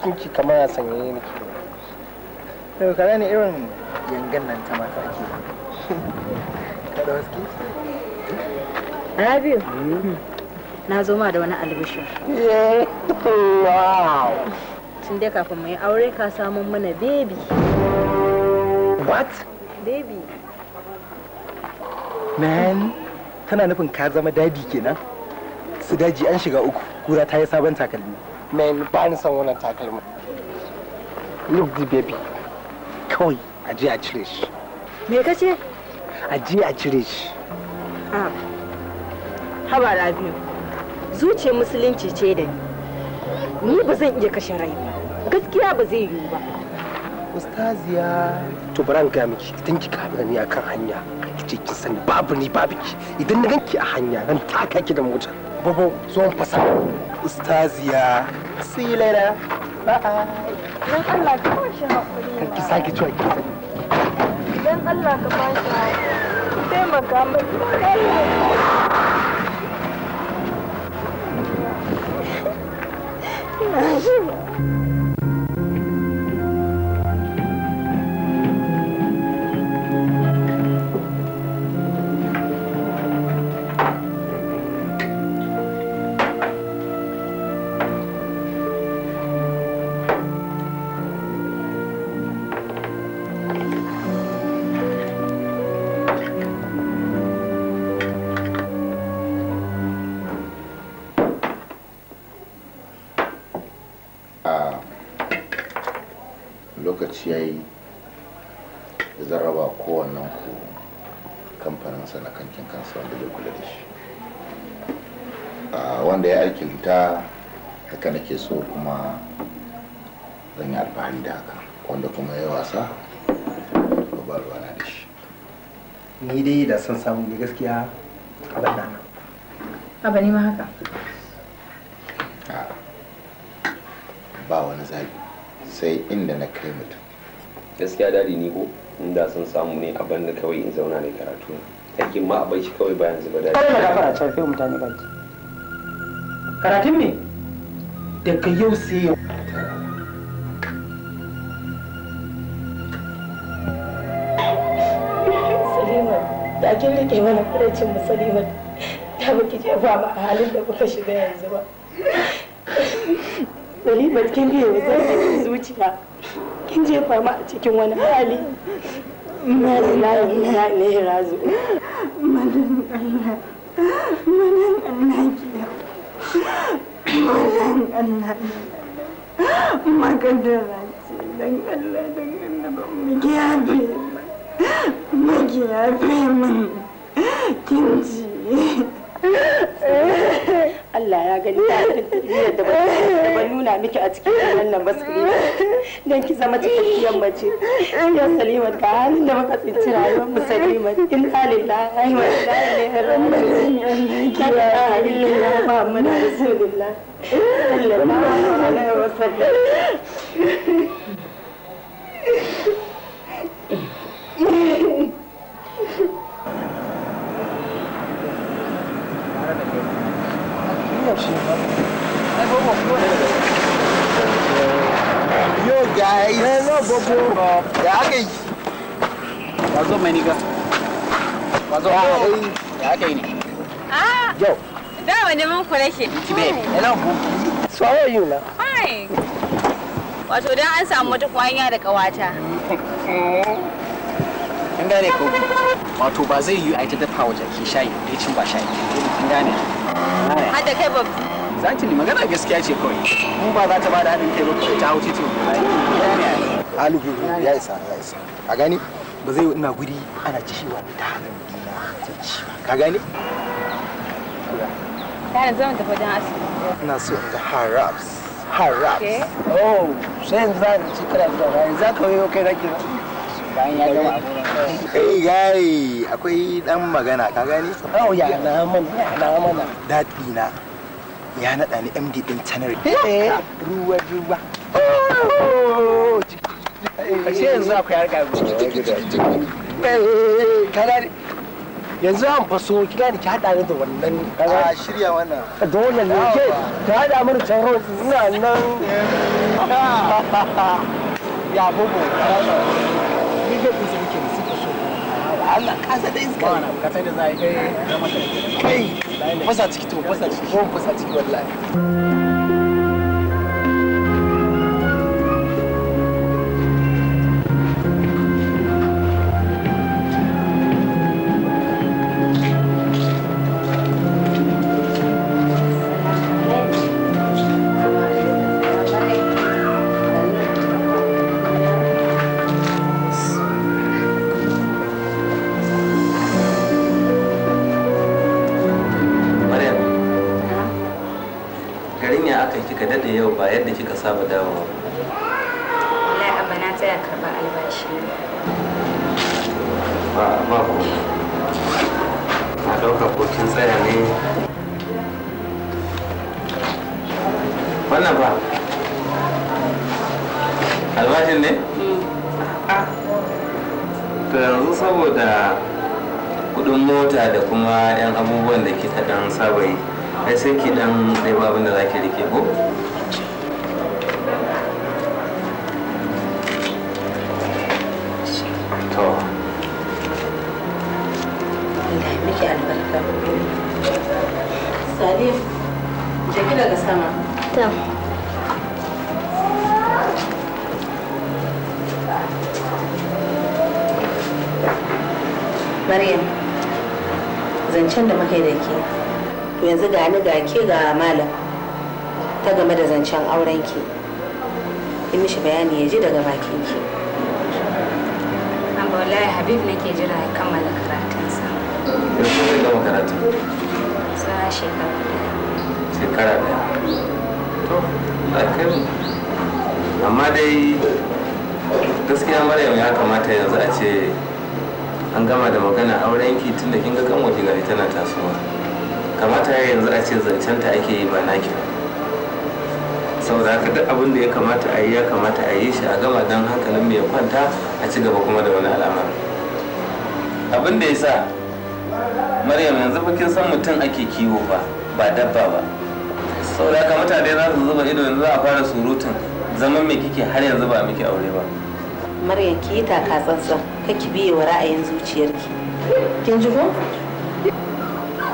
jikinki kamar ya sanyaye ne ke daga kara ne irin yangan nan ta mata ake kada waske rabiu hmm. na zo ma da wani wow tun dai kafin mai aure ka samun mana baby what baby man tana nufin ka zama dadi kenan su daji an shiga uku kura ta yi sabon takalmi man ba ni son wannan takalmin look the baby kawai a je a cire shi me ka ce a je a cire shi ah. haba rabiu zuciyar musulunci ce da ni ni ba zan iya kashe rai ba gaskiya ba zai yiwu ba ustaziya to baran ga miki idan kika haɗu ni akan hanya kice kin sani babu ni babu ki idan na ganki a hanya nan taka ki da motar bobo zuwan fasa ustaziya see you later bye Allah ka ba shi ki sake cewa ki Allah ka taimaka mai ina sun samu ne gaskiya a wannan abu ne ma haka ba wani zabi sai inda na kai mutum gaskiya dadi ni ko inda sun samu ne a banda kawai in zauna ne karatu aikin ma a bai shi kawai bayan zuba dadi kada ka a carfe mutane baki karatun ne daga yau sai yau da kin rike mana kudancin musali ba ta baki je ba a halin da kuka shiga yanzu ba Nalimat kin biye wa zafin zuciya kin jefa fama a cikin wani hali na ilahi na ilahi razu madan Allah madan Allah kiya madan Allah magadara ce dan Allah dan Allah ba mu kiya biye mage ya fi min kinji Allah ya gani ta tarbiyyar da ban nuna miki a cikin wannan basiri don ki zama cikakkiyar mace ya salima ga halin da muka tsinci rayuwar mu salima in alillah ai wa lillahi ne rabbi ya ilaha muhammad rasulullah sallallahu alaihi wasallam Eh, ya aka a ah, wato an samu wata kwanya da kawata an gane ko wato ba zai yi a ita dafa wa jaki shayi da cin ba shayi an gane har da kai babu magana gaskiya ce kawai mun ba za ta ba da haɗin kai ba ta hau titin Alubu ya isa ya isa. Ka gane? Ba zai ina guri ana cewa da halin dina ta ciwa. Ka tafi don asibiti. Ina so in ga harabs. Haraps. Oh, sai yanzu za ka ci kira za ka wayo kai akwai dan magana Oh ya na na mana. Dadi na. ya nada ni md ɗin tanar eh, ruwa ruwa ashe yanzu akwai harka eh, yanzu an faso ki gani ki hada ni da wannan a shirya wannan dole ne ke ki hada mun tsaro ina nan ya bubu Allah kasa da iska ne. na kasa da zai eh, kai fasa ciki to fasa ciki ko fasa ciki wallahi ba ba ba na ɗauka ko kin tsaya ba wannan ba albashin ne? to yanzu saboda kuɗin mota da kuma 'yan abubuwan da kika dan saba yi sai ki dan ɗaya abin da za ki rike ko? ga ni ga ke ga malam ta game da zancen aurenki yi mishi bayani ya ji daga bakin bakinki amma wallahi habib ke jira ya kammala karatunsa yanzu zai gama karatu sa shekara daya shekara daya to a alkai amma dai gaskiya maryam ya kamata yanzu a ce an gama da magana aurenki tun da kin ga kan waje gari tana tasowa kamata ya yanzu a ce zancenta ake yi ba naki saboda haka duk abin da ya kamata a yi ya kamata a yi shi a gama don hankalin mai kwanta a ci gaba kuma da wani alama. abin da ya sa maryam yanzu kin san mutum ake kiwo ba ba dabba ba saboda haka mutane za su zuba ido yanzu za a fara surutun zaman mai kike har yanzu ba miki aure ba maryam ki yi taka kake biye wa ra'ayin zuciyarki kin ji ko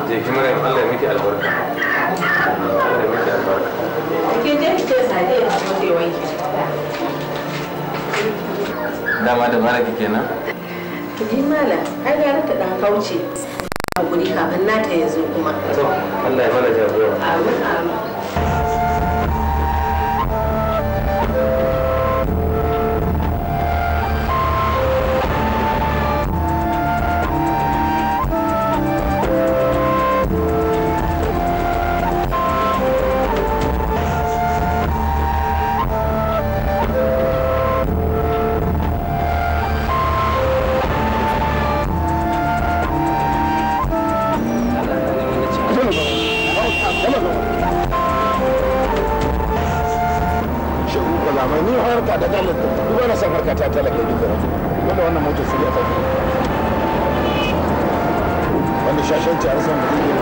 je ki mara Allah ya miki albarka Allah ya miki albarka je ki ce dama da mara ni mala ai ga ta dan kauce a guri kafin nata ya zo kuma to Allah ya mana jagora amin amin talaka da talaka duk wani son harka ta talaka duk da rasu wanda wannan mota su ya tafi wanda shashanci a san da zai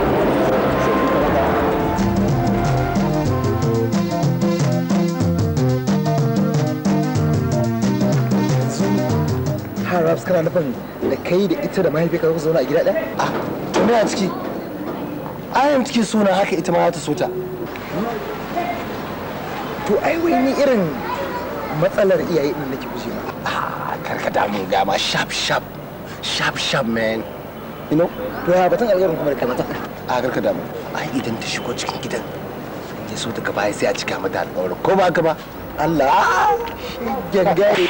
Arabs kana nufin da kai da ita da mahaifiyarka ku zauna a gida ɗaya? a ah, to me a ciki? Ayan ciki suna haka ita ma ta so To ai wai irin matsalar iyaye din nake guje ah, ma karka damu dama sharp sharp sharp sharp man you know to ya batun alƙawarin kuma da kai mata a ah, karka damu ai idan ta shigo cikin gidan ya so daga baya sai a cika mata alƙawarin ko ba ka ba Allah shi gangare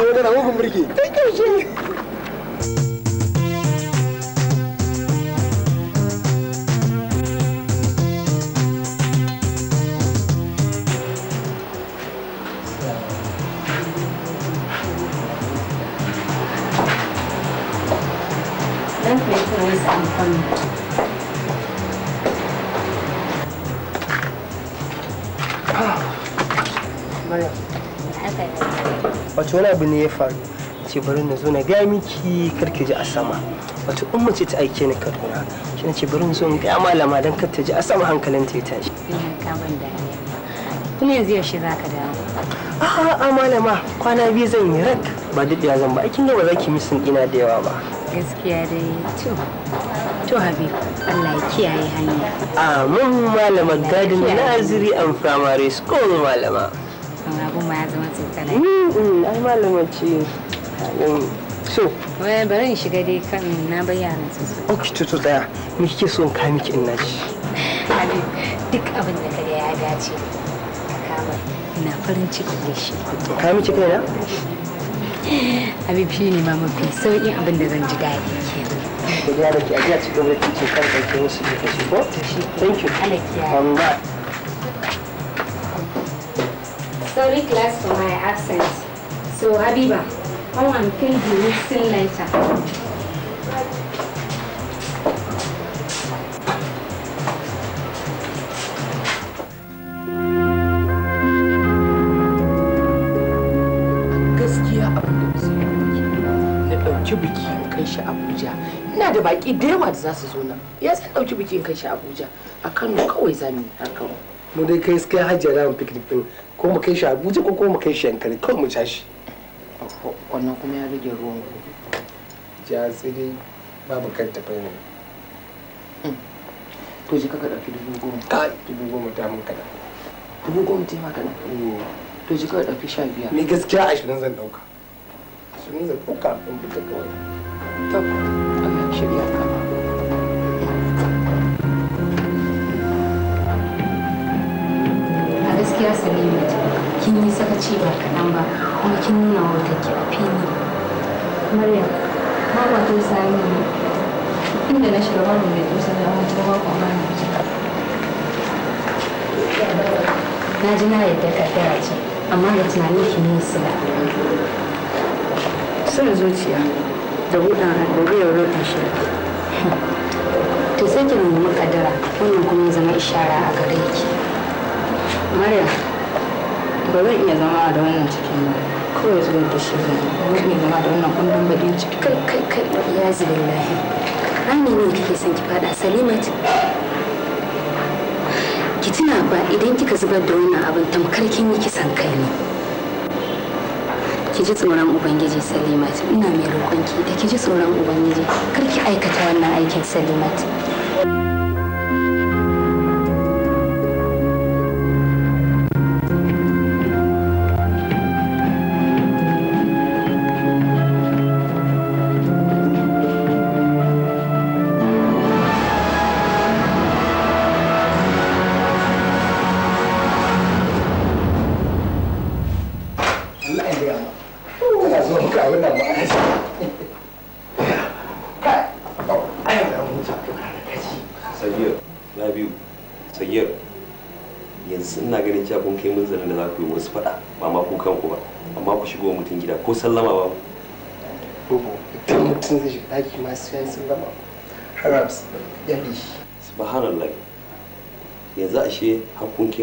dole na hukun burki take shi wani abu ne ya faru ce bari na zo na gaya miki karki ji a sama wato umma ce ta aike ni kaduna shi na ce bari na zo na gaya malama don kar ta ji a sama hankalin ta ya tashi. kuma yanzu yaushe za ka dawo. a'a malama kwana biyu zan yi rak ba duk ya zan ba aikin da ba za ki misin ina da yawa ba. gaskiya dai to to habi Allah ya kiyaye hanya. amin malama gadin naziri an primary school malama. ne ai malama ce so wai bari in shiga dai kan na bayyana sosai ok to to daya me kike so in ka miki in naji ali duk abin da kaga ya dace ka kama ina farin ciki da shi ka miki kaina abin shi ne ma mafi sauƙin abin da zan ji daɗi kenan da ya da ke ajiya cikin rikici kan ɗauke wasu da kashi ko thank you alakiya Sorry class for my absence. So Habiba, come and pay the mixing later. abuja ina da baki da yawa da za su zo nan ya ɗauki bikin abuja a kano kawai za mu yi mu dai kai kai hajji a mu picnic din ko mu kai shi Abuja ko ko mu kai shi Yankari kawai mu tashi wannan kuma ya rage ruwan ku ja tsiri babu kan tafai ne mm. to je ka ka dauki dubu goma ka dubu goma ta mun kada dubu goma ta maka nan mm. to je ka ka dauki sha biyar ni gaskiya ashirin zan dauka ashirin zan dauka don fita kawai to Allah shirya ka ne salima kin yi ci ba kaɗan ba kuma kin nuna wautarki a fili maryam ba kwa sami ne inda na shiga babu mai tusa da wani kuma ba kwa mana na ji na yadda kaddara ce amma da tunanin ki ne sila sun zuciya da buɗan da biyar rubin shi to sai ki nuna makadara wannan kuma zama ishara a gare ki maria ba zan iya zama da wannan cikin ba. Kawai zubar da shi ba zan iya zama da wannan kundin bakin ciki. Kai kai kai ya zibillahi. Rani ne kake son ki fada Salimat. Ki tuna ba idan kika zubar da wannan abin tamkar kin yi kisan kai ne. Ki ji tsoron Ubangiji Salimat. Ina mai roƙonki da ki ji tsoron Ubangiji. Kar ki aikata wannan aikin Salimat.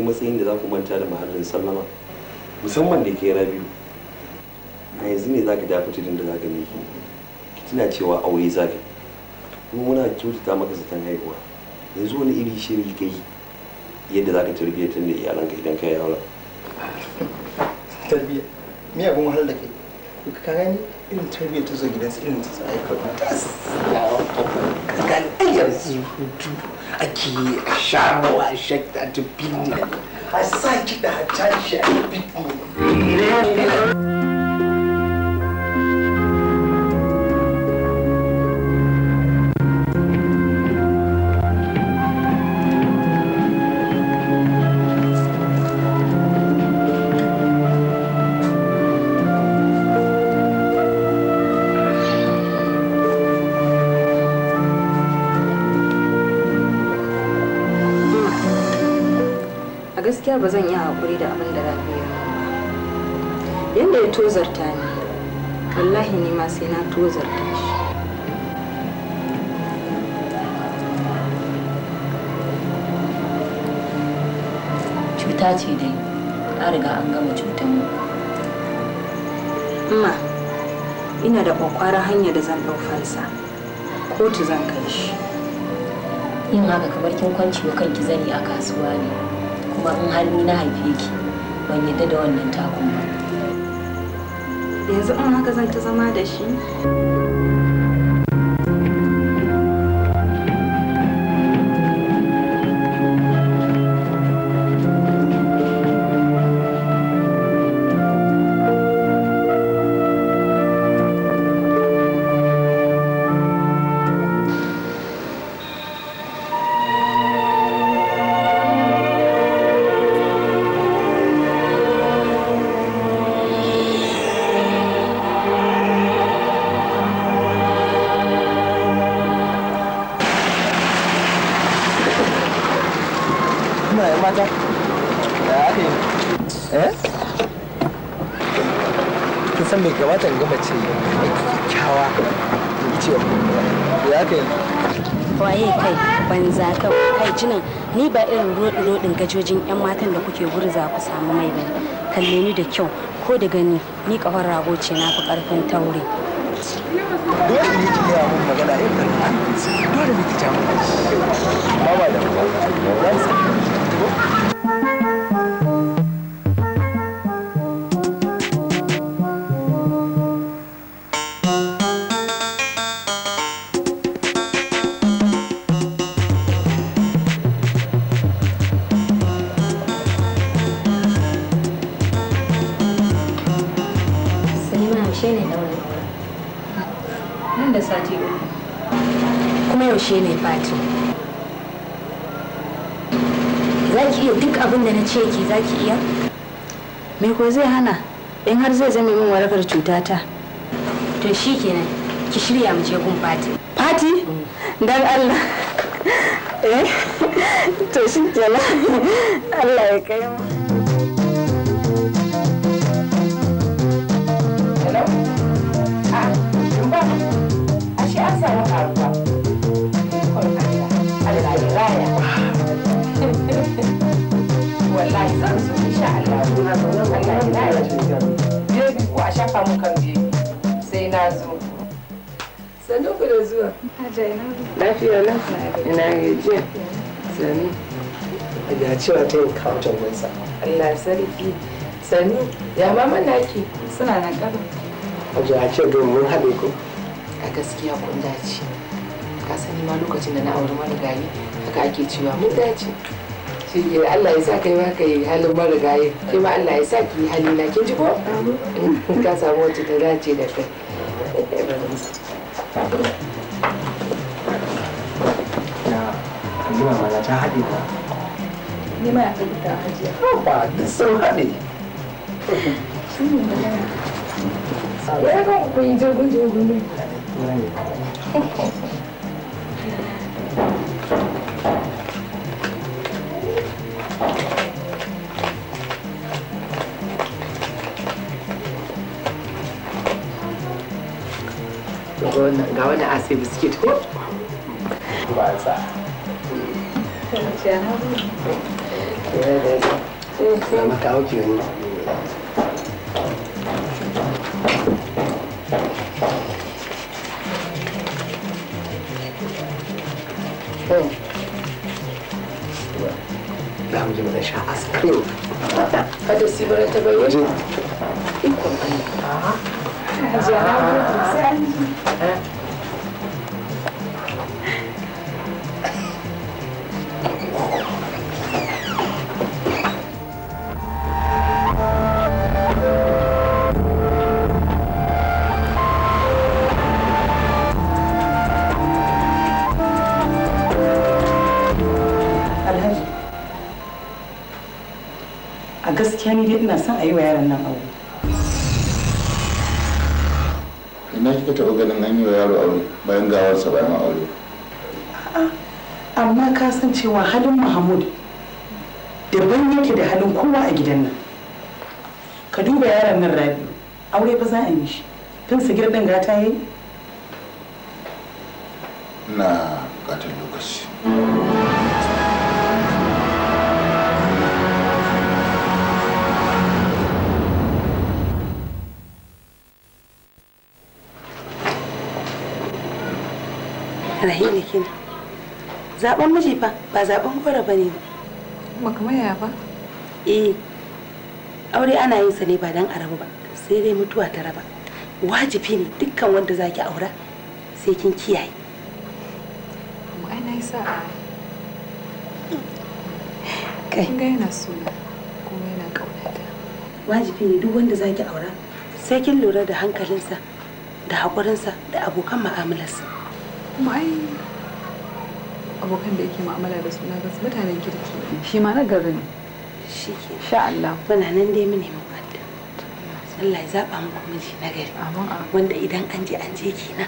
matsayin da za ku manta da mahallin sallama musamman da ke rabiu a yanzu ne za ka dafa tudun da za ka miki ki tuna cewa aure za ka kuma muna kyautata maka zaton haihuwa yanzu wani iri shiri ka yi yadda za ka tarbiya tun da iyalanka idan ka yi aure tarbiyya me abin wahal da kai ka gani irin tarbiyyar ta zo gidansu irin ta sa aikata gane ai yanzu hutu ake yi a sharawa a shakta ta a sa kiɗa a tashi a bikini wallahi ni ma sai na tozarta ce dai a riga an gama cutar mu amma ina da kwakwaran hanya da zan ɗau kotu zan kai shi yin haka kamar kin kwanci wa kanki zani a kasuwa ne kuma in har ni na haife ki ban yadda da wannan takun ba yanzu in haka zan ta zama da shi darajojin 'yan matan da kuke gurza ku samu mai bane kalle ni da kyau ko da gani ni kawar rago ce na fi karfin taure dole ne ki gaya mun magana yau da dole ne ki ta mun ba ba da ba keki za ki iya me ko zai hana in har zai zame min warakar cutata to shi kenan ki shirya mu je gun fati fati mm. dan allah eh to shi kenan allah ya kai mu samu kan bebi sai na zo sannu ku da zuwa lafiya lafiya ina gajiya sannu a ga cewa ta yin kawutan nasa allah sarki sannu ya mama naki suna nan karo a ga ce ga mun haɗe ku a gaskiya kun dace ka sani ma lokacin da na auri gari haka ake cewa mun dace shi ke Allah ya sa kai ma kai halin marigayi ke ma Allah ya sa ki hali na kin ji ko ka samu wacce ta dace da kai ta haɗe ta. ya haɗe ta Ba, duk sun haɗe. magana. Ya jirgin jirgin ne. gawana ase biskit ko za mu je mu dan sha ice cream kada si bara ta bayyana ikon Allah gaskiya ni dai ina son a yi wa yaron nan aure ina kika taɓa ganin an yi wa yaro aure bayan gawarsa bayan aure amma ka san cewa halin mahmud daban yake da halin kowa a gidan nan ka duba yaron nan rabi aure ba za a yi shi tun sigir ɗin gata yayi na zaben miji fa ba zaben gwara ba ne ba kamar yaya ba eh aure ana yin sa ne ba dan arabu ba sai dai mutuwa ta raba wajibi ne dukkan wanda zaki aura sai kin kiyaye amma ai na yi sa'a kai kin ga yana suna kuma yana kaunata wajibi ne duk wanda zaki aura sai kin lura da hankalinsa da haƙurinsa da abokan mu'amalarsa kuma ai abokan da yake mu'amala da su na ga mutanen kirki shi ma na gari ne shi ke sha Allah muna nan dai mu Allah ya zaba muku miji na gari wanda idan an je an je kenan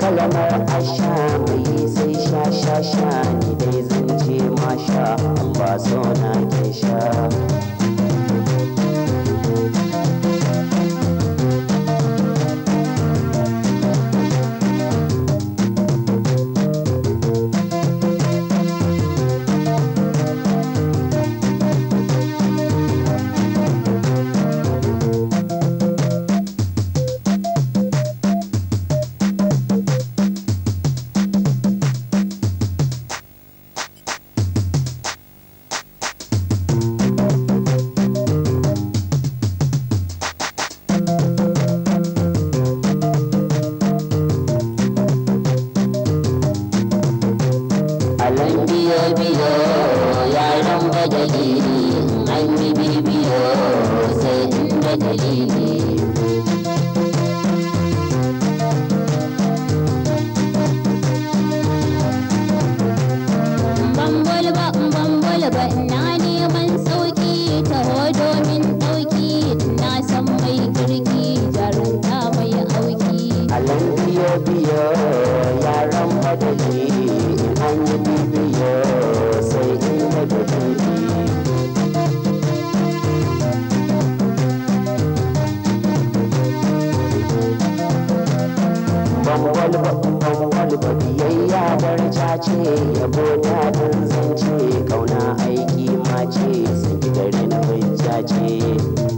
kamar a asha mai sai sha sha sha ni dai zan ce masha Allah so na ke sha biyo yaran madali in an yi bibiyo sai in da gudu biyayya barca ce yabo dadin zance kauna aiki mace ce sai gidarin hujja ce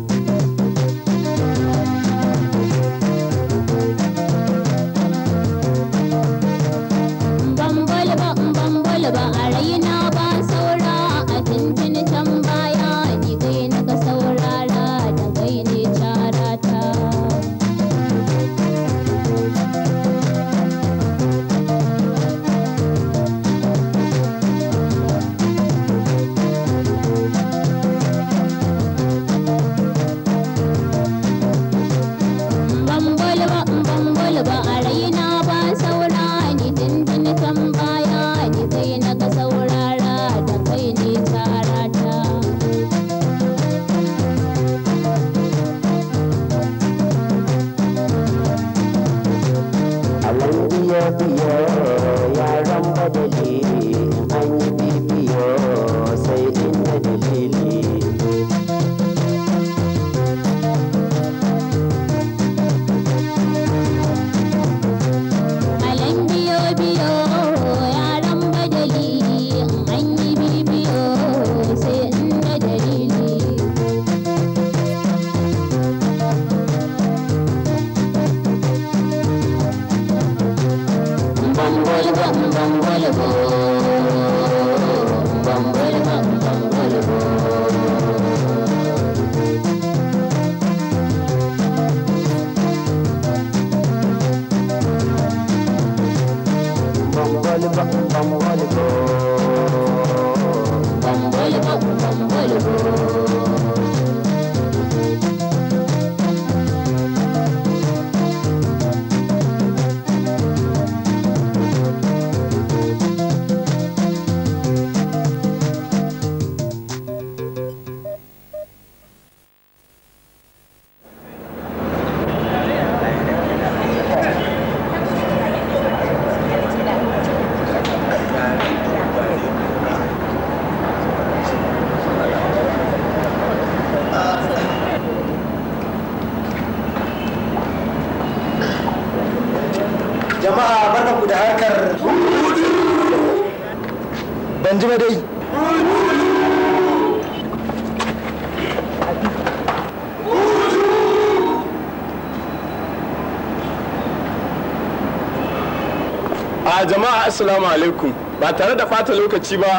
assalamu alaikum ba tare da fata lokaci ba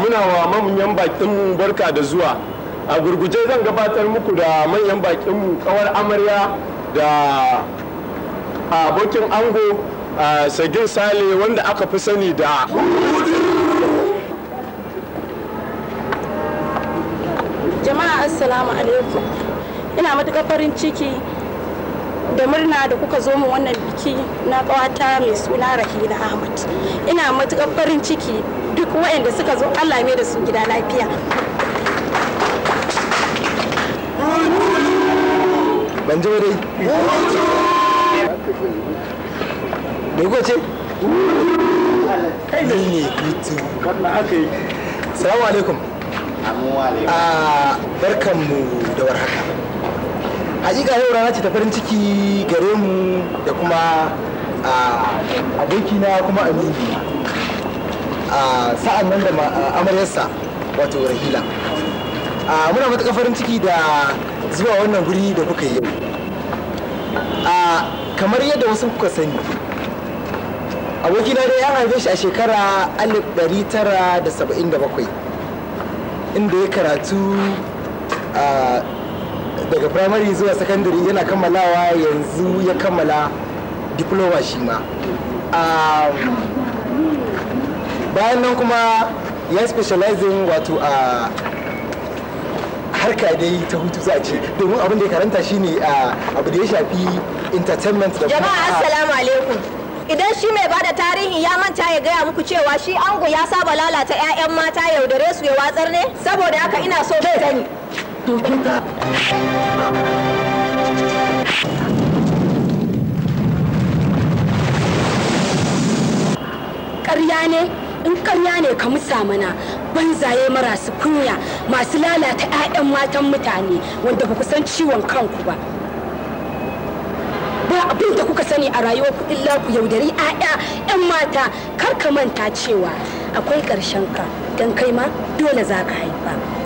muna wa manyan bakinmu barka da zuwa a gurguje zan gabatar muku da manyan bakinmu kawar amarya da abokin ango sagin sale wanda aka fi sani da jama'a assalamu alaikum ina matuƙar farin ciki da murna da kuka zo mu wannan biki na kawata mai suna rahina ahmad ina matuƙar farin ciki duk wayanda suka zo allah mai da su gida lafiya ban ji dai me kuka ce ne salamu alaikum ah, barkanmu da warhaka hakika yau rana ce ta farin ciki gare mu da kuma abokina kuma a sa'an nan da amaryarsa wato rahila muna matuƙa farin ciki da zuwa wannan guri da kuka yi yau kamar yadda wasu kuka sani abokina dai ya haife shi a shekara 1977 inda ya karatu daga primary zuwa secondary yana kammalawa yanzu ya kammala diploma shi ma um, bayan nan kuma ya specializing wato a harka dai ta hutu za ce domin abin da ya karanta shine abu da ya shafi entertainment da jama'a assalamu alaikum idan shi mai bada tarihi ya manta ya gaya muku cewa shi ango ya saba lalata 'ya'yan mata yaudare su ya watsar ne saboda haka ina so bai sani doke ƙarya ne in ƙarya ne ka musa mana banzaye marasu kunya masu lalata 'ya'yan matan mutane wanda ba ku san ciwon kanku ba ba abin da kuka sani a rayuwar ku illa ku yaudari 'ya'ya 'yan mata kar ka manta cewa akwai ƙarshen ka don kai ma dole za ka haifa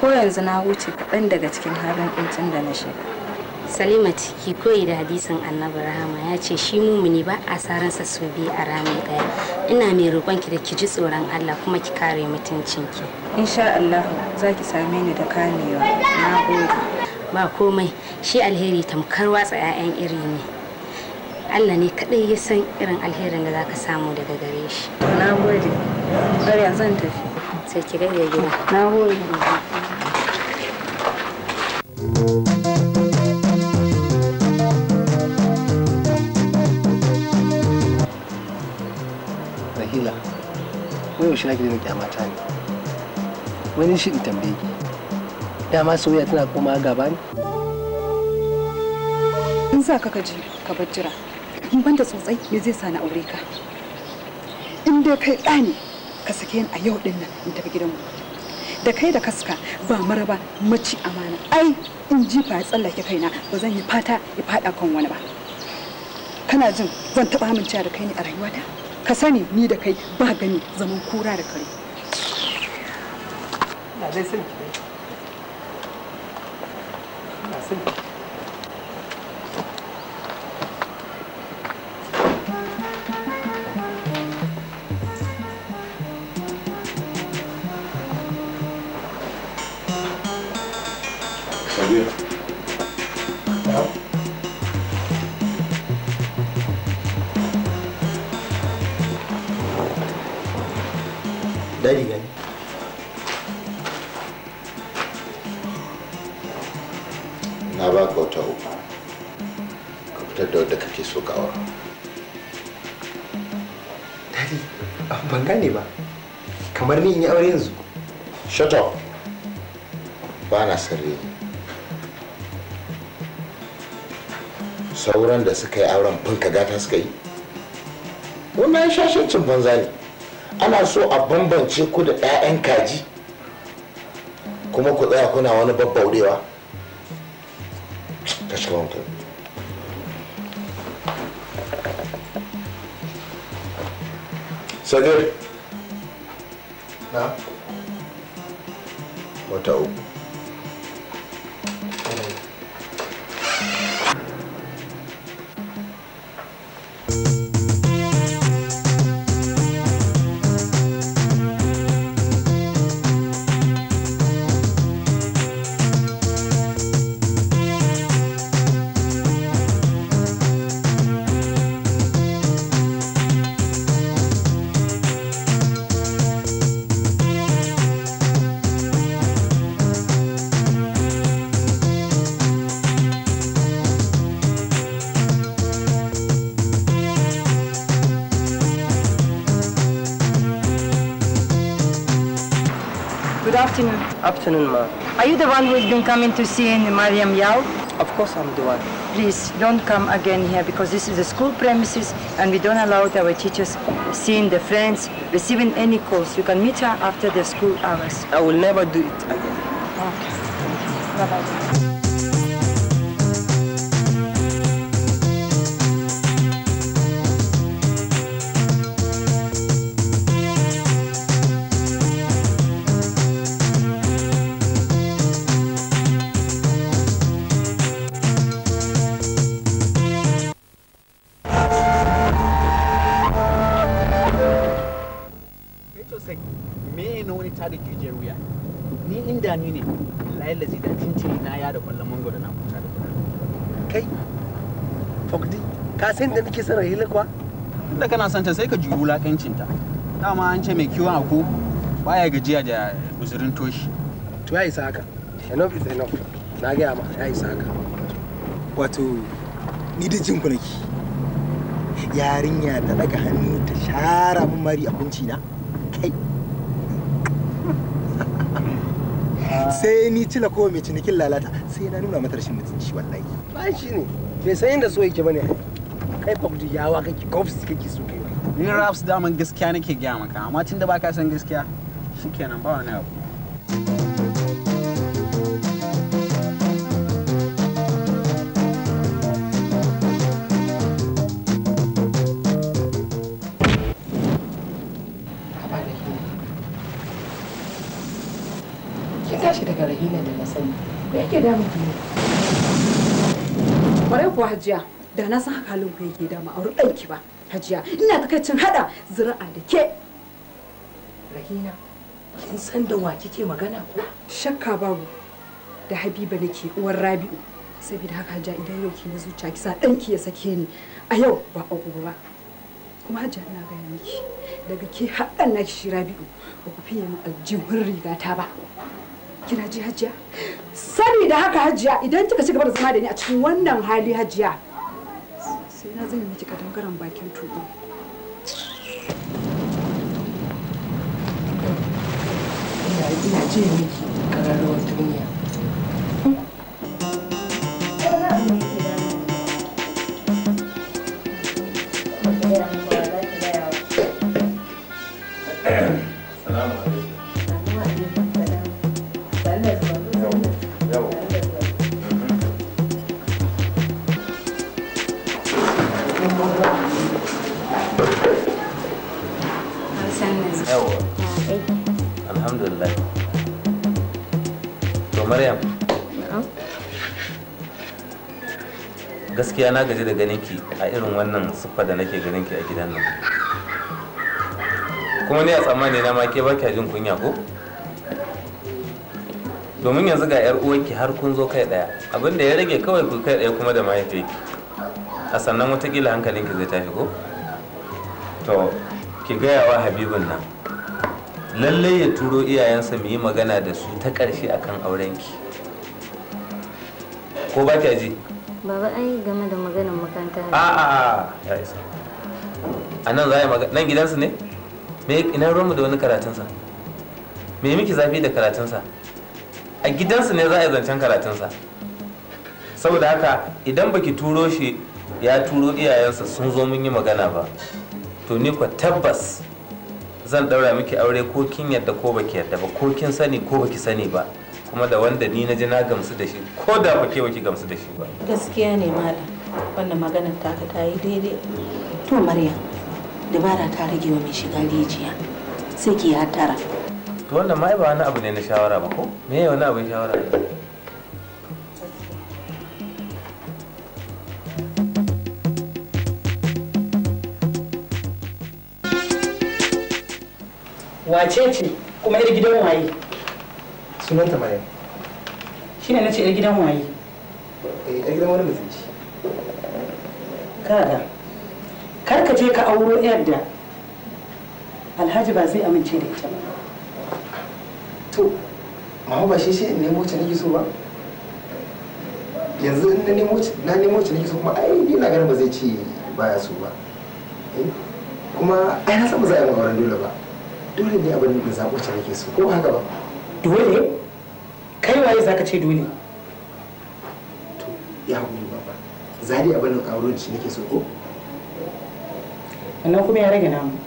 ko yanzu na wuce kaɗan daga cikin halin ɗincin da na shiga salima ciki koyi da hadisin annabi rahama ya ce shi mumuni ba a sa su biyu a rami ɗaya ina mai ki da ki ji tsoron allah kuma ki kare mutuncinki insha Allah za ki same ni da kamewa na gode ba komai shi alheri tamkar watsa 'ya'yan iri ne allah ne kadai ya san irin alherin da zaka samu daga gare shi na gode zan tafi sai ki gaya gida na gode rahila wai yaushe nake da mata ne wani shi in tambaye ki dama soyayya tana koma gaba ne in sa ka kaji ka bar jira in banda tsotsai me zai sa na aure ka in dai kai ɗa ne ka sake ni a yau ɗin nan in tafi gidanmu da kai da kaska ba maraba maci amana ai in jifa ya tsallake kaina ba zan yi fata ya fada kan wani ba kana jin zan taba amincewa da kai ne a rayuwata ka sani ni da kai ba gani zaman kura da kare Thank you. Ali, ban gane ba. Kamar ni in yi aure yanzu. Shut up. Ba na sirri. Sauran da suka yi auren ka gata suka yi. Wannan shashancin banza ne. Ana so a bambance ku da ɗayan kaji. Kuma ku tsaya kuna wani babbaurewa. Kashe wankan. sagir na wata uku Afternoon, ma. Are you the one who's been coming to see Mariam Yao? Of course I'm the one. Please, don't come again here because this is the school premises and we don't allow our teachers seeing the friends, receiving any calls. You can meet her after the school hours. I will never do it again. Okay. Bye-bye. sara hila kwa da kana santa sai ka juyi wulakancinta dama an ce mai kiwon ako baya gajiya da guzurin toshi to ya isa haka enough is enough na gaya ma ya isa haka wato ni da jin kunaki yarinya ta daga hannu ta share mun mari abinci na kai sai ni cila kowa mai cinikin lalata sai na nuna mata rashin mutunci wallahi ba shi ne bai san inda so yake bane kai da yawa kake gofs ke so kai ni raps daman gaskiya nake gaya maka amma tun da baka san gaskiya shikenan ba wani abu yake damu ki ne? Kwarai kuwa hajiya, da na san haka halin ku yake dama aure ɗanki ba hajiya ina takaicin hada zuri'a da ke rahina kin san da wa kike magana ko shakka babu da habiba nake uwar rabi'u saboda haka hajiya idan yau ki na zuciya kisa ɗanki ya sake ni a yau ba a gobe ba kuma hajiya ina gaya miki daga ke haɗan na shi rabi'u ba ku fiye min aljihun rigata ba kina ji hajiya sani da haka hajiya idan kika ci gaba da zama da ni a cikin wannan hali hajiya sai na zai miki kadangaren bakin tudu ina ce miki kararrawar duniya gaskiya na gaji da ganin ki a irin wannan siffa da nake ganin ki a gidan nan kuma ni a tsammani na ma ke ba jin kunya ko domin yanzu ga yar uwanki har kun zo kai daya abin da ya rage kawai ku kai daya kuma da mahaifiyarki a sannan watakila ki zai tafi ko to ki gaya wa habibin nan lallai ya turo iyayensa mu yi magana da su ta ƙarshe akan aurenki ko ba kya ji Baba ai game da maganar A a ya isa. A nan za a yi magana nan gidansu ne? Me ina ruwanmu da wani karatunsa? Me miki zafi da karatunsa? A gidansu ne za a yi zancen karatunsa. Saboda haka idan baki turo shi ya turo iyayensa sun zo mun yi magana ba. To ni kwa tabbas zan daura miki aure ko kin yadda ko baki yadda ba ko kin sani ko baki sani ba. kuma da wanda ni na ji na gamsu da shi ko da ba ke baki gamsu da shi ba gaskiya ne malam wannan maganar taka ta yi daidai to maryam dabara ta rage wa mai shiga rijiya sai ki ya tara to wannan ma ba wani abu ne na shawara ba ko me ya wani abu shawara ne wace ce kuma yar gidan waye sunanta Maryam shi ne na ce gidan waye eh, a gidan wani mutum ce kada kar ka je ka auro yadda alhaji ba zai amince da ita ba to mama ba shi shi in nemo ta nake so ba yanzu in na nemo ta nake so kuma ai ni na ganin ba zai ce baya so ba eh, kuma ai na san ba za a yi auren dole ba dole ne abin da zaɓo wacce nake so ko haka ba dole kai waye zaka ce dole to ya hakuri baba zari a auren shi nake so ko wannan kuma ya rage namu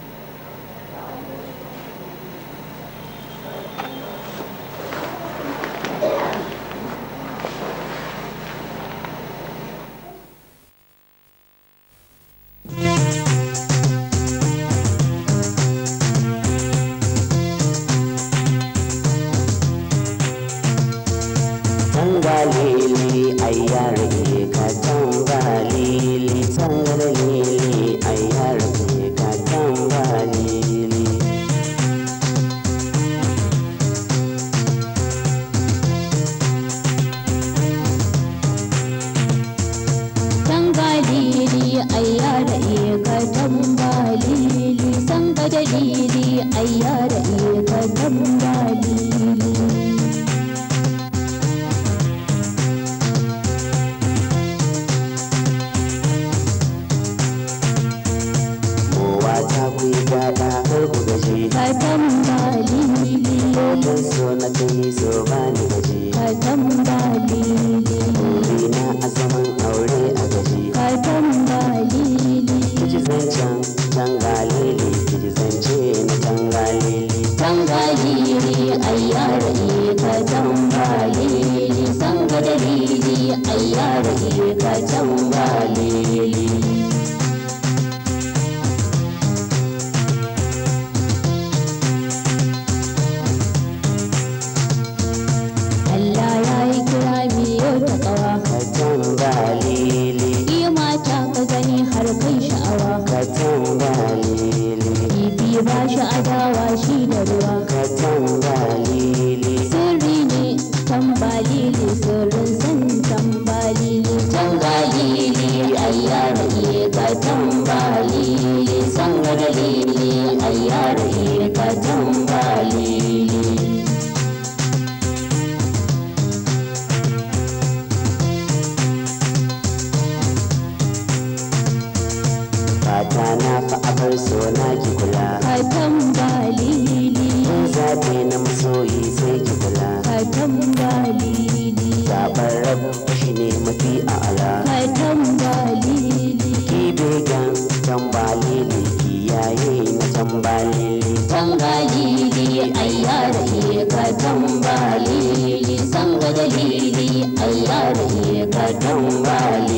I don't lie.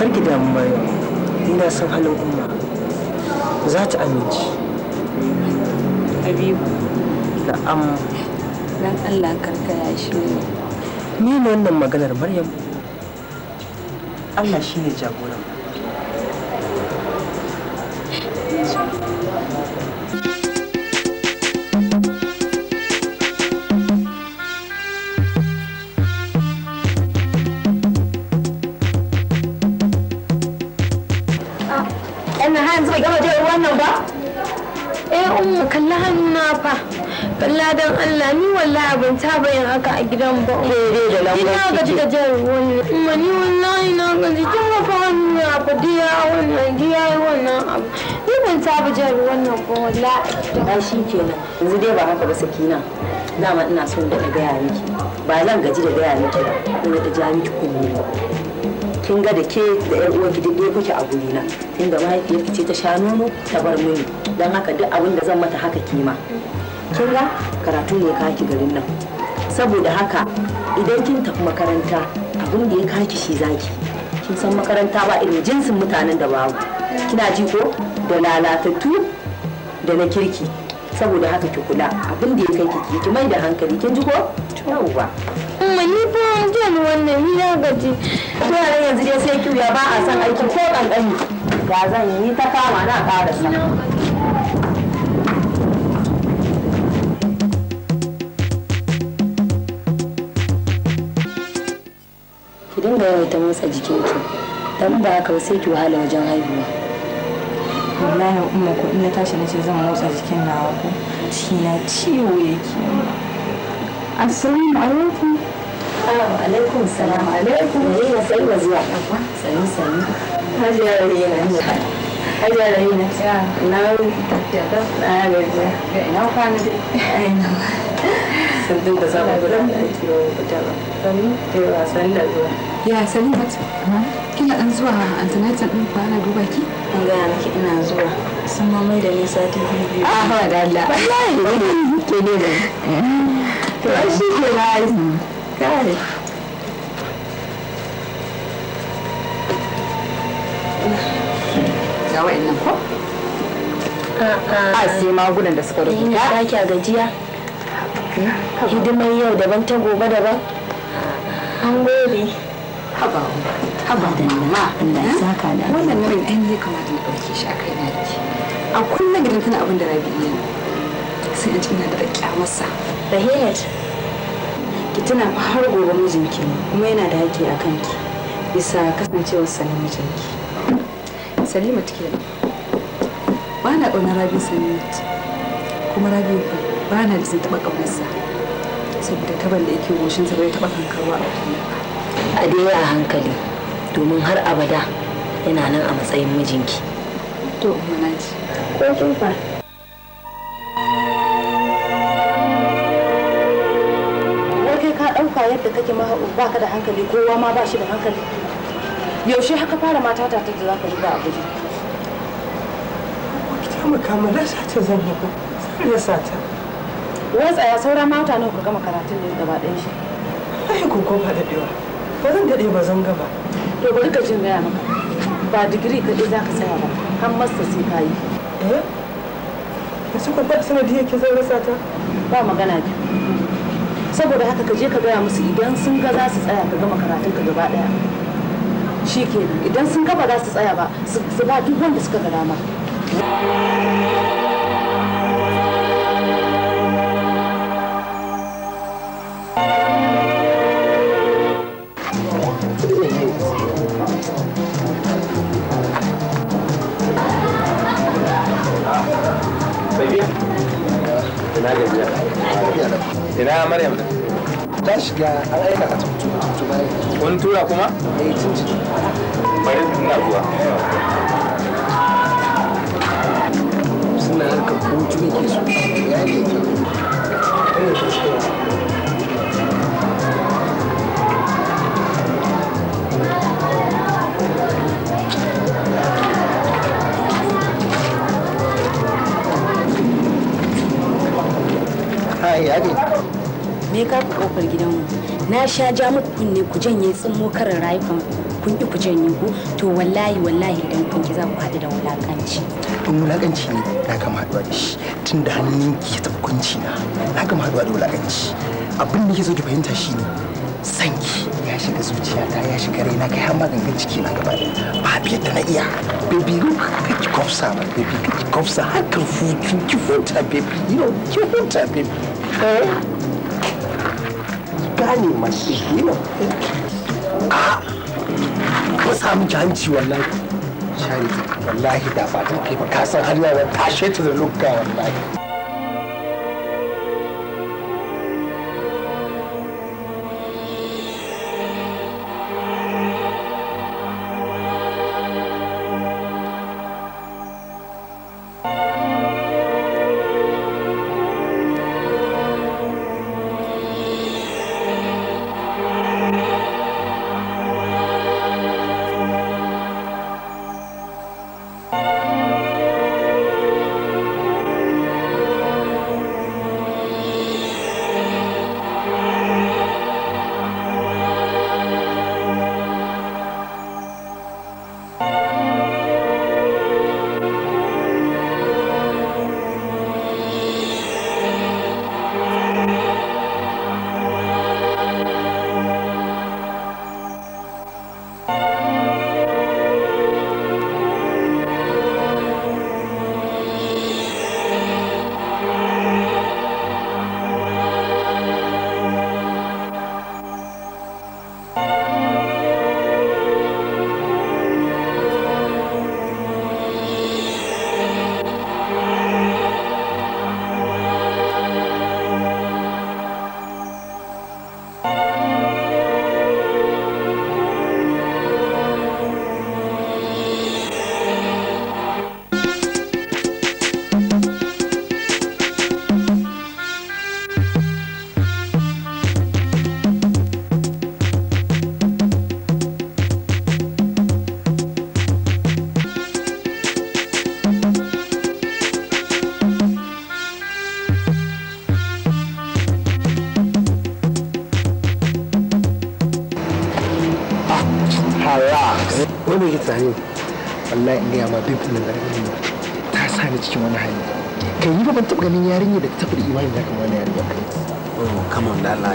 kar ki damu bayan ina son halin umma za ta aminci habibu am dan allah karkaya shi ne ni ne wannan maganar maryam allah shine jagoran Balla don Allah ni wallahi ban taba yin haka a gidan ba. Daidai da lambar Ina gaji da jan wannan. Amma ni wallahi na gaji tun mafa wannan abu diya wannan diya wannan abu. Ni ban taba jan wannan ba wallahi. Na shi kenan. Yanzu dai ba haka ba sakina. Dama ina son da gaya miki. Ba zan gaji da gaya miki ba. Ina da ja miki kuma. Kin ga da ke da 'yan uwanki duk dai kuke a gurina. Tunda mahaifiyarki ce ta sha nono ta bar mini. Don haka duk abin da zan mata haka kima. kira karatu ne ka ki garin nan saboda haka idan kin tafi makaranta abin da ya kaki shi zaki kin san makaranta ba irin jinsin mutanen da babu kina ji ko da lalatattu da na kirki saboda haka ki kula abin da ya kai kiki ki mai da hankali kin ji ko yauwa amma ni fa zan wannan ni na gaji to yanzu dai sai ya ba a san aiki ko kankani ga zan yi ta kama na ƙara sa dinga ta motsa jikinki don ba haka sai ki wahala wajen haihuwa wallahi umma ko in na tashi na ce zan motsa jikin na ko ciki na ciwo yake assalamu alaikum alaikum ne ya sai wa zuwa sani da sun dinga eh, da zuwa. Ya Salimat, kina an zuwa antenatal ɗin ba ana duba ki? ina zuwa. Sun mamai da nisa ta biyu. Ah, ba da Allah. Wallahi, ke ne da. To, ai shi ke na hmm. Kare. ko? A ah, ah. ah, sai magunan da suka rubuta. Ni a gajiya. hidimar yau daban ta gobe daban an gode haba haba da nuna Allah ya saka da wannan nauyin ainihin zai kamata na ɗauke shi a kai na da a kullum gidan tana abin da rabi yi sai an cina da rakiya da rahilat ki tuna fa har gobe mijinki ne kuma yana da haƙƙi a kanki bisa kasancewar sanin mijinki salima take ba na ƙaunar rabi salima kuma rabi ba ba na da sun taɓa ƙaunarsa saboda taban da yake sa bai taɓa kankarwa a wajen a dai a hankali domin har abada yana nan a matsayin mijinki to umma ji ko tsufa fa ka ɗauka yadda kake ma ba ka da hankali kowa ma ba shi da hankali yaushe haka fara mata ta da za ka riga a guji. Ki taimaka mana sata zan yi ko, sata. wai tsaya saura mata nawa ku gama karatun ne gaba ɗayan shi ai ku ko ba daɗewa ba zan daɗe ba zan gaba to bari ka jin gaya maka ba digiri kaɗai za ka tsaya ba har masta sai ka yi eh yanzu ku ba sanadiyar ke zan rasa ta ba magana ki saboda haka ka je ka gaya musu idan sun ga za su tsaya ka gama karatun ka gaba ɗaya shi kenan idan sun gaba za su tsaya ba su ba duk wanda suka ga dama Ina Maryam da? Ta shiga an aika ka bayan. Wani tura kuma? Eh Bari zuwa. Suna harkar yake so. Ya ya ne me ka ku kofar gidanmu na sha ja muku kunne ku janye tsimmo karin rayukan kun ki ku janye ku to wallahi wallahi idan kun ki za ku haɗu da wulakanci tun wulakanci ne na kama haɗuwa da shi tun da hannun ki ta hukunci na na kama haɗuwa da wulakanci abin da ke so ki fahimta shi ne sanki ya shiga zuciyata ya shiga raina kai har magangan ciki na gaba da ba da na iya baby ka ki kofsa baby ki kofsa har ka ki futa baby you know ki futa baby gane masu shi nan ba ah! samu ki hanci wallahi shari wallahi da ba ta kai ba ka san har yaran tashe ta da lukka wallahi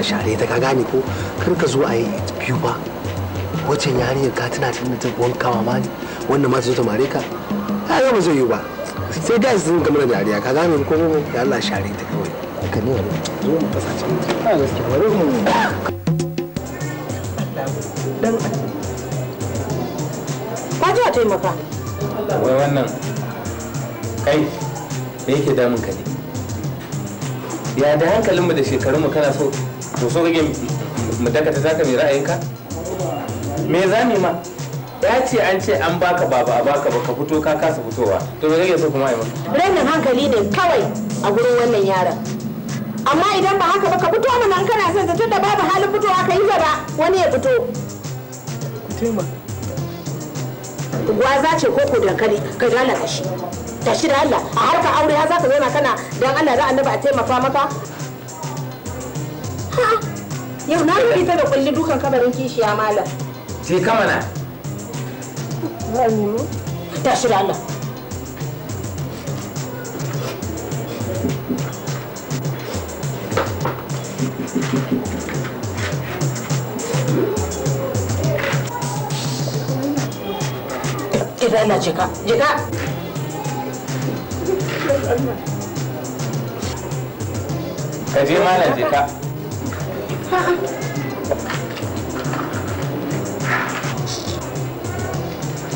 share ta ka gane ko kar ka zo a yi biyu ba waccan yarinyar ka tana tana ta wanka ma ne wannan ma ta zo ta mare ka ai ba zai yi ba sai guys sun kamar da dariya ka gane ko ko ya Allah share ta kawai ka ne wani zo mu fasa ce a gaskiya bari mu dan ka ba ta taimaka wai wannan kai me yake damun ka ne ya da hankalinmu da shekarunmu kana so to so kake mu dakata taka mai ra'ayinka me za mu ma ya ce an ce an baka ba ba a baka ba ka fito ka kasa fitowa to me kake so kuma ai maka rainin hankali ne kawai a gurin wannan yaron amma idan ba haka ba ka fito mana kana son ta tunda babu halin fitowa ka yi gaba wani ya fito ku tema gwaza ce ko ku dankali ka dala kashi tashi da Allah a harka aure ya zaka zauna kana dan Allah da Annabi a taimaka maka Yau na yi ta da kulli dukan kabarin ya malam. Sai na. mana. Ta shi da Allah. Ita ina jika, jika. Ka je jika.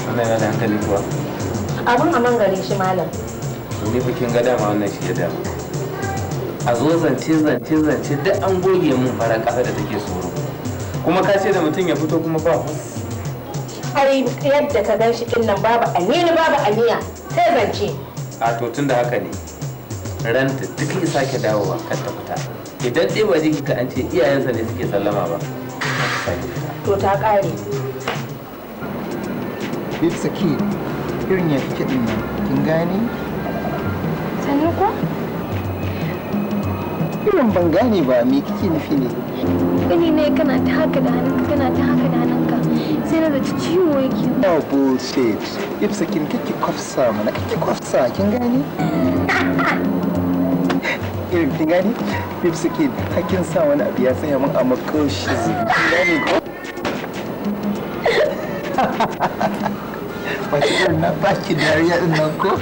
Wannan yana hankali kuwa? Abin a man gare shi malam. Ni bikin gada ma wannan shi ya dama. A zo zance zance zance duk an goge mun fara kasa da take tsoro. Kuma ka ce da mutum ya fito kuma ba fas. Ai yadda ka gan shi ɗin nan babu anini babu aniya sai zance. A to tun da haka ne. Ranta duk ya sake dawowa kan ta fita. idan ɗin ba zai an ce iyayensa ne suke sallama ba to ta ƙare Bif saki irin ya fi kiɗin nan kin gane sannu ko irin ban gane ba me kike nufi ne gani ne kana ta haka da hannunka kana ta haka da hannunka sai na da ciwo yake oh bullshit bib sakin kake kwafsa mana kake kwafsa kin gane irin kin gani lipstick hakkin sa wani abu ya tsaya min a makoshi gani ko wace irin na baki dariya din nan ko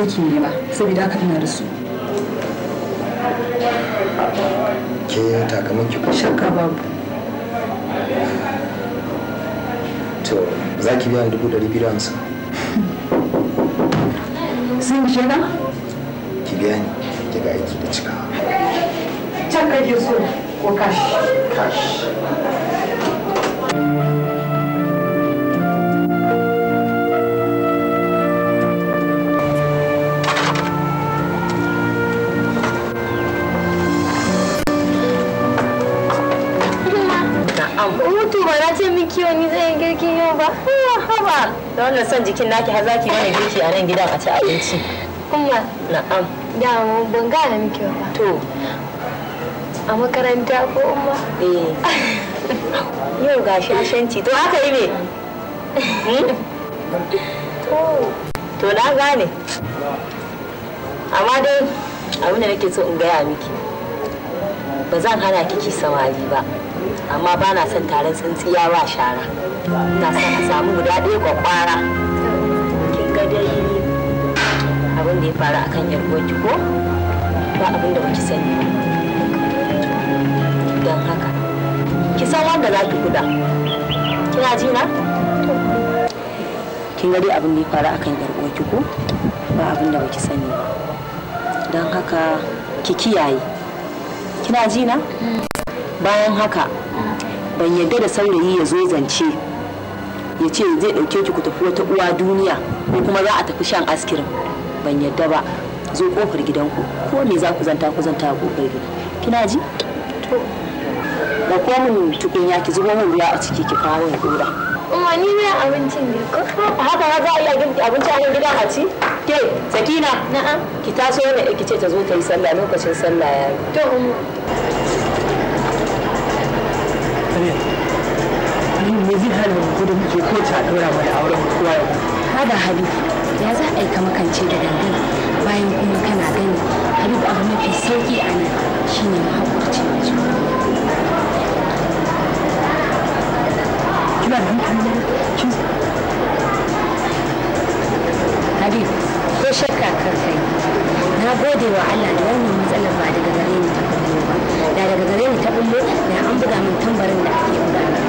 kake yi ba saboda haka ina da su ke ki ko shakka babu to za ki biya dubu dari biyu da hamsin sun ishe ka ki biya ni ki ga aiki da cikawa can kake so ko kashi kash umma da wannan son jikin naki har zaki mana jiki a nan gidan a ci abinci umma na'am da ban na miki ba to a makaranta ko umma eh yau a shanci to haka yi ne hmm? to na gane amma dai abin da nake so in gaya miki ba zan hana kiki samari ba amma ba na son taron tsintsiya ba shara na son a samu guda ɗaya kwakwara kin ga dai abin da ya faru akan yar uwarki ko ba abin da baki sani ba don haka ki san wanda za ki guda kina ji na kin ga dai abin da ya faru akan yar uwarki ko ba abin da baki sani ba don haka ki kiyaye kina ji na mm. bayan haka ban yadda da saurayi ya zo zance ya ce zai ɗauke ki ku tafi wata uwa duniya ko kuma za a tafi shan askirin ban yadda ba zo kofar gidanku ko me za ku zanta ku zanta kofar gida kina ji to da ko mun tukunya ki zubo mun ruwa a ciki ki kawo ya dora amma ni ne abincin ne ko haka ma za a iya girki abinci a gidan a ci ke sakina na'am ki taso ne ki ce ta zo ta yi sallah lokacin sallah ya yi to ko ta dora mana auren kowa ya haba habib ya za a yi ka makance da dangane. bayan kuma kana gani habib abu mafi sauki a nan shi ne yanzu kina da hankali kin habib ko shakka kan kai na gode wa Allah da wannan matsalar ba daga gare ni ta bullo ba da daga gare ni ta bullo da an buga min tambarin da ake buga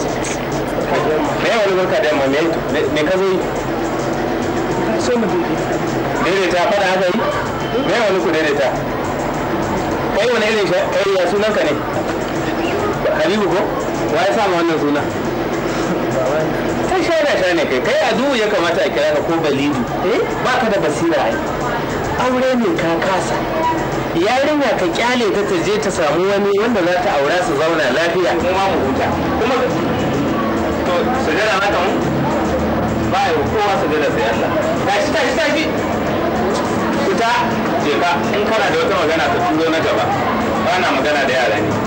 me ya wani barka da yamma me me ka zo yi so mu daidaita faɗa haka yi me ya wani ku daidaita kai wani irin kai ya sunan ka ne habibu ko wa ya sa ma wannan suna ta shaida sha ne kai kai adu ya kamata a kira ka ko balidu eh? ba ka da basira ai aure ne ka kasa yarinya ka kyale ta ta je ta samu wani wanda za ta aura su zauna lafiya kuma mu huta kuma sujada na kamu ba ya kowa sujada sai Allah tashi tashi tashi fita je ka in kana da wata magana ta turo na gaba ba na magana da yara ne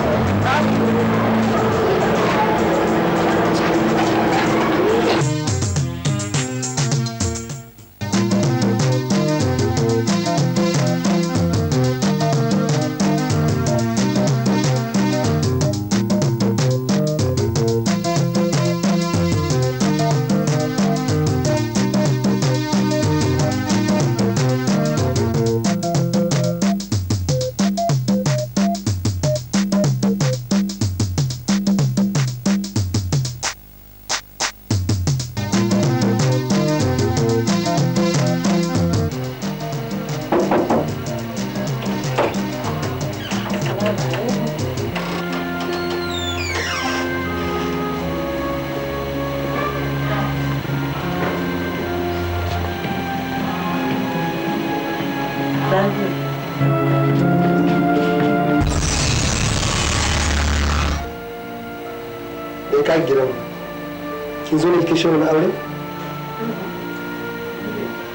kashe wani aure?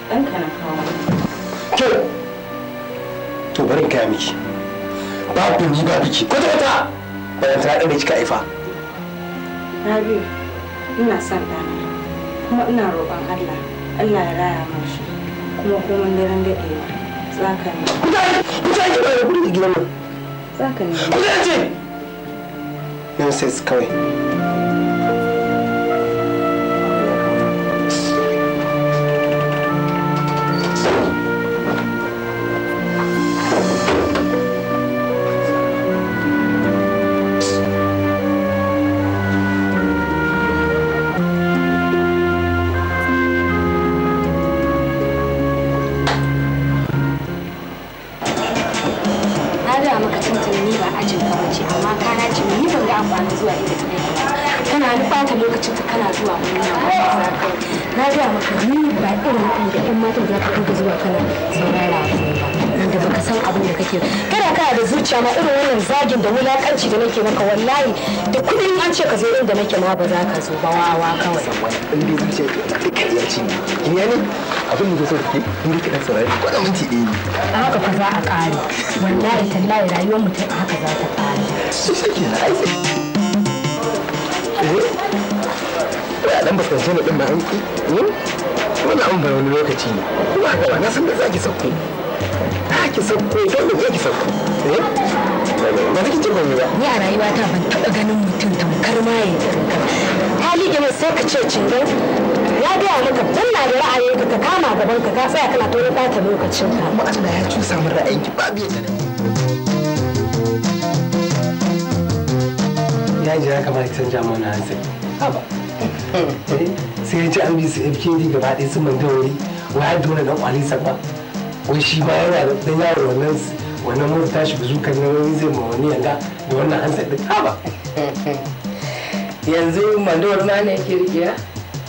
Ɗan kawo. To bari kaya miki. Babu ni ba biki kwata-kwata bayan ta ɗan da kika haifa. Rabi, ina son ɗana kuma ina roƙon Allah. Allah ya raya mashi kuma komai daren daɗewa. Tsaka ne. Mutane! Mutane ki ɗaure kuɗin gidan nan. ne. Mutane ce! Yan sai kawai. da nake maka wallahi da kudin an ce ka zo inda nake ma ba za ka zo ba wawa kawai in dai zuciya ce ka ya ci ni ne abin da so kake in dai dan saurari ko da minti ɗaya ne haka fa za a ƙare wallahi tallahi rayuwar mutum haka za ta ƙare ya dan eh? ba zo ne din ba an ƙi? Eh? Wani an bai wani lokaci ne. Kuma haka ba na san da za ki sauko. Za ki sauko, dole eh? ne ki sauko. ba ta kici gani ba ni a rayuwa ta ban taɓa ganin mutum tamkar ma ya hali game sai ka ce cingan ya gaya maka danna da ra'ayinka ka ka kama gaban ka ka tsaya kana ta wani ɓata lokacin ka amma Allah ya cusa min ra'ayinki babu yadda na ya ji ya kamata canja mana hanzari haba eh, sai ya ci an bi su fkd gaba ɗaya sun manta wuri wa ya dole dan kwalisa ba wai shi ba yana da yaro wannan wannan mun tashi bazu kan nan zai ma wani yanga da wannan hansa din haba yanzu mandawar na ne yake ya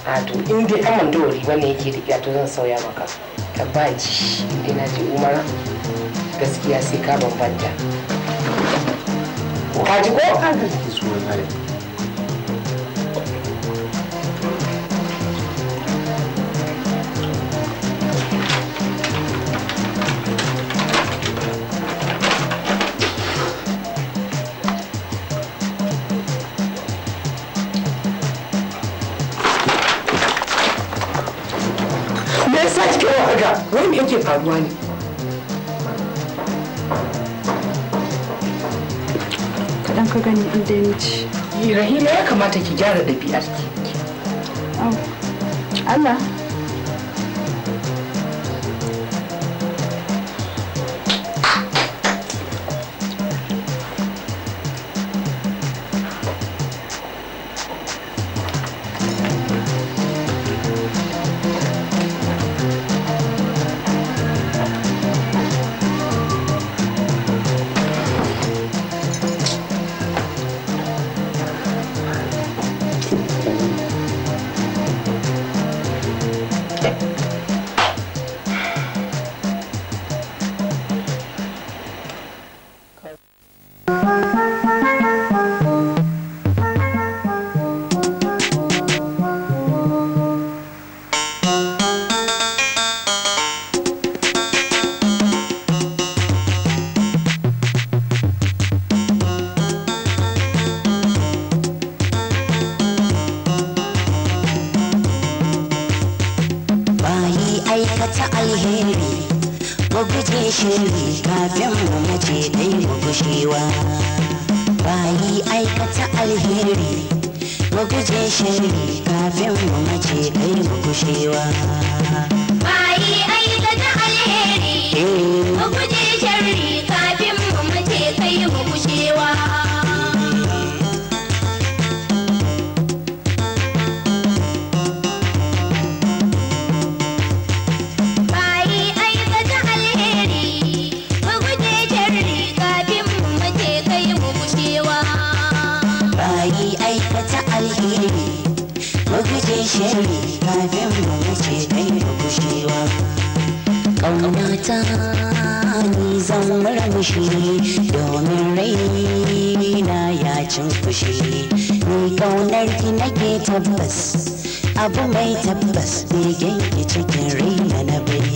a to in dai an mandawar ba ne yake rike to zan sauya maka tabbaci inda na ji umara gaskiya sai ka bambanta ka ji ko? yake faruwa ne kaɗan ka gani inda ya wuce rahila ya kamata ki gyara ɗabi'ar ki Allah nake tabbas abu mai tabbas begen ki cikin na bai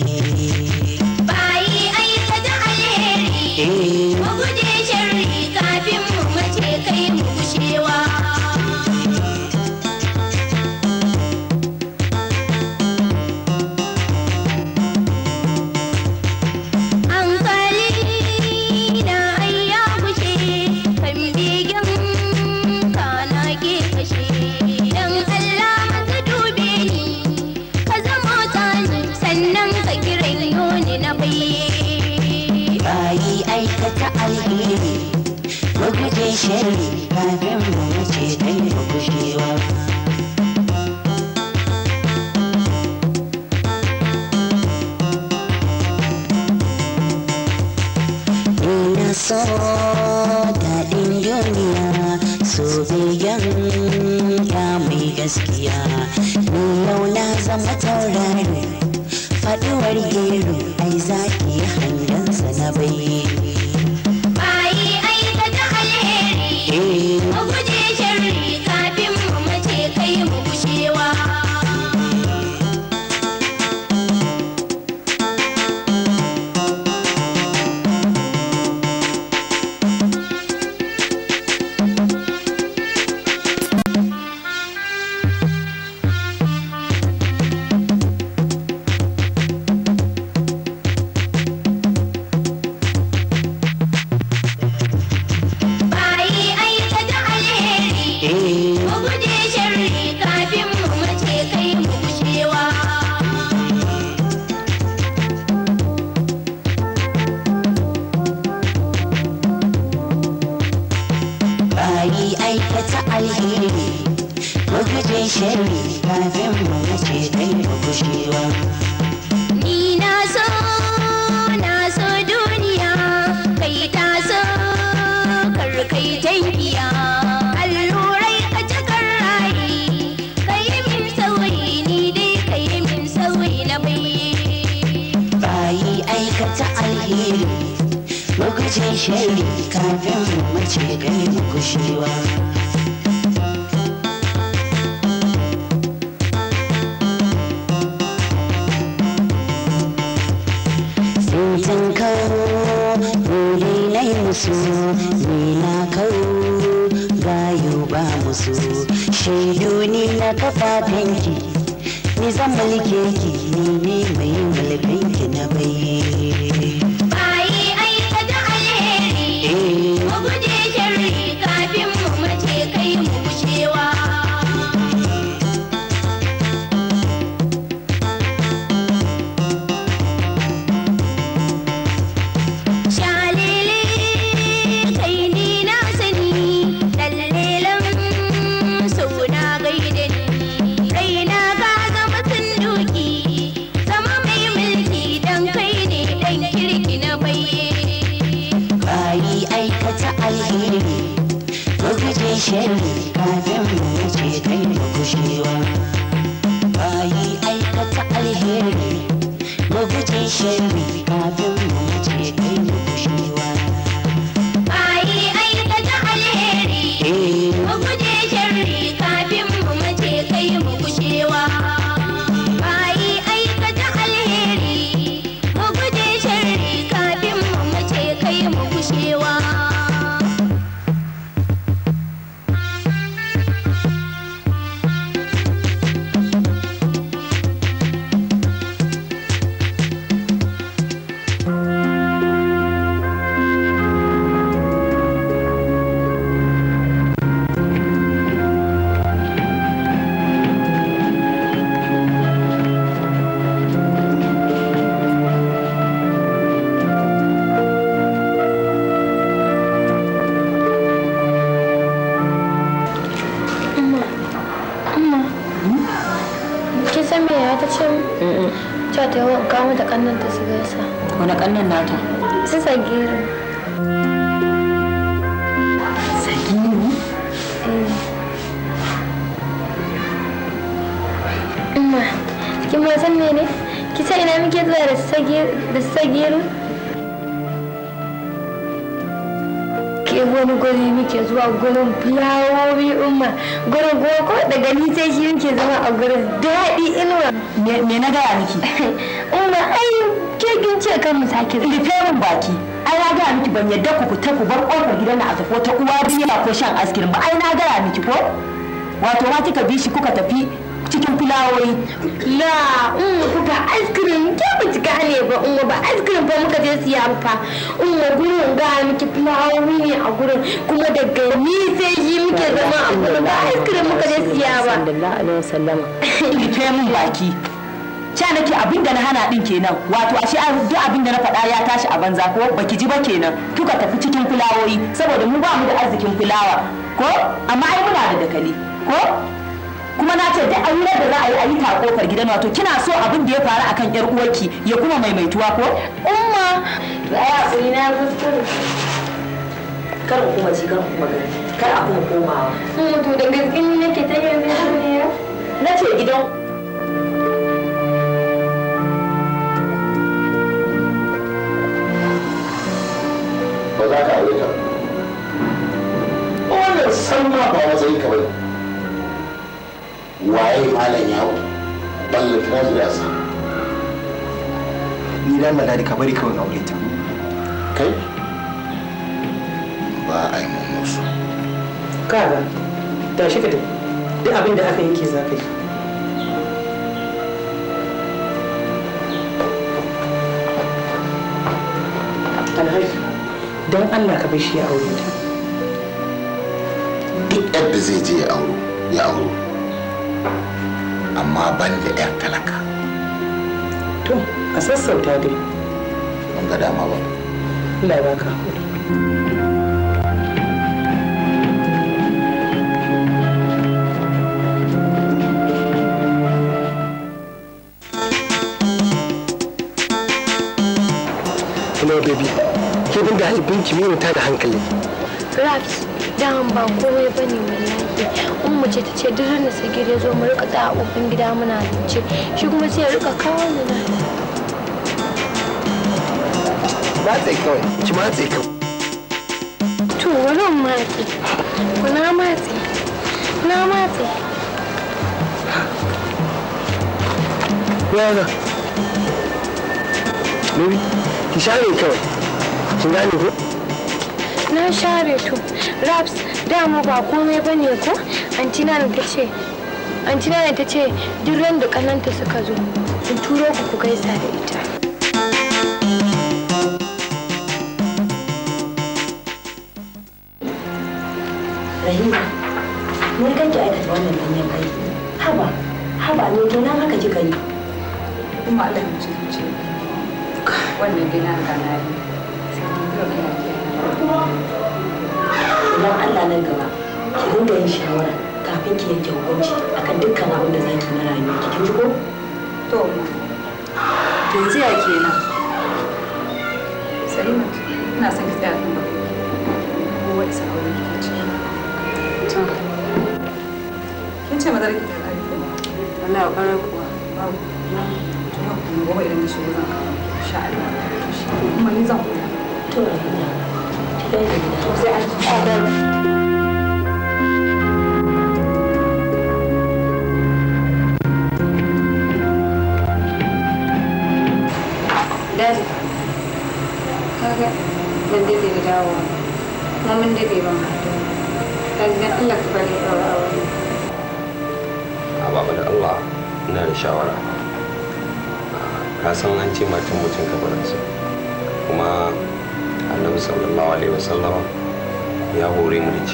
tafiya allurai a jakar rayi ka yi min sauri ni dai ka yi min sauri na bai bayi aikata alheri lokacin shari kafin mace gani gushewa sun kawo wuri na su shaidu na kafafinki ni zan mulke ki ni ne mai mulkin ki na bayyane umma ina muke zuwa da me na gaya miki umma ai ke kin ce kan mu sake rufe mun baki ai na gaya miki ban yadda ku fita ku bar gidan na a tafi wata uwa biyu ko shan askirin ba ai na gaya miki ko wato ma kika bi shi kuka tafi fulawoyi la in ku ga ice cream ke ba ci gane ba in ba ice cream fa muka je siya fa umma gurin ga miki fulawoyi ne a gurin kuma da gani sai yi muke zama a gurin ba ice cream muka je siya ba sallallahu alaihi wasallam ki mun baki ca nake abin da na hana din kenan wato ashe duk abin da na faɗa ya tashi a banza ko baki ji ba kenan kuka tafi cikin fulawoyi saboda mu ba mu da arzikin fulawa ko amma ai muna da dakali ko kuma na ce da auren da za a yi a yi ta kofar gidan wato kina so abin da ya faru akan yar uwarki ya kuma maimaituwa ko umma ai hakuri na kuskure kar ku kuma ji kar ku kuma gani kar a kuma komawa mun mm, to da gaskiya ni nake ta yi ne na ce gidan ba za ka aure ka ba wannan san ma ba matsayin ka bane waye malam yawo ballata na zuwa su. ni dan malari ka bari kawai aure ta kai ba a yi musu kaga da shi ka tafi duk abin da aka yanke za ka yi alhaji don allah ka bai shi ya aure ta duk yadda zai je ya aure ya aure amma ban da ɗan talaka to a sassauta dai mun ga dama ba Allah ya baka hakuri Hello baby, ke bin da halibin ki ta da hankali. Raps, dama ba komai bane wallahi. mu ce ta ce duk ran da sagir ya zo mu rika ta a gida muna ce shi kuma sai ya rika kawo ni na matse kawai ki matse kawai to wani matse ku na matse na matse yana Baby, ki share kawai. Kin gane ko? Na share to. Raps, dama ba komai bane ko? antina ne ta ce antina ne ta ce duk ran da kananta suka zo in turo ku ku gaisa da ita Rahima, mun ganki aikata wannan ganyen kai. Haba, haba ne kenan haka kika yi. Kuma Allah ce wannan dai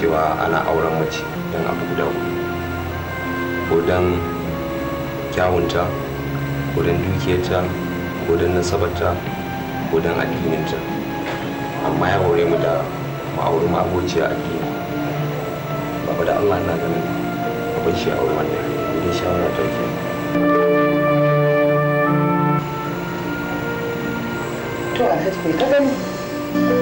cewa ana auren mace don abu guda hudu ko don kyawunta ko don dukiyarta ko don nasabarta ko don addininta amma ya hore mu da ma'auri a addini ba da allah na ganin abin shi auren wannan gudun shawara ta ke to alhaji bai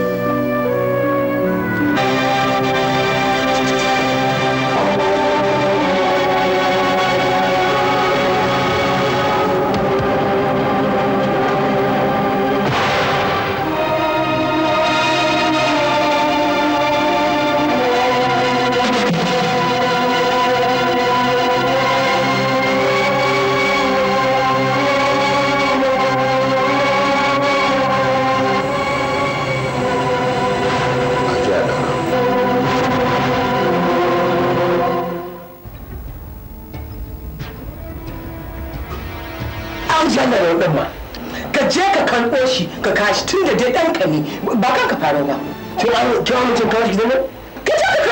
ne ba kan ka ba kin amincin kawo shi ka je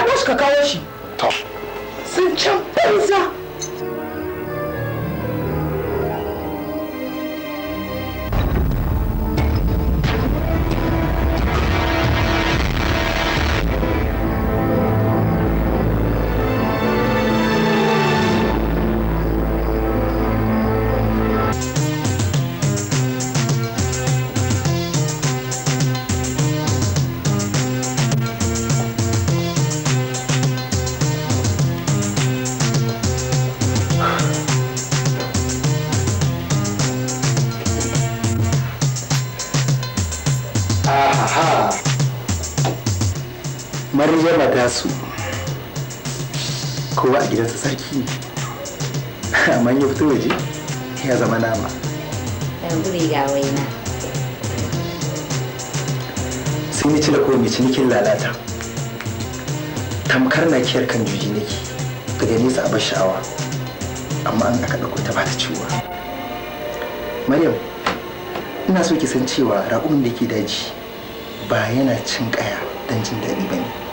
ka shi ka kawo shi sun can banza su kowa a gidansa sarki ne amma ya fito waje ya zama nama ɗan ga waina sun yi cila mai cinikin lalata tamkar na kiyar kan juji nake daga nesa a sha'awa amma an aka ɗauko ta bata ciwa maryam ina so ki san cewa raƙumin da ke daji ba yana cin ƙaya don jin daɗi ba ne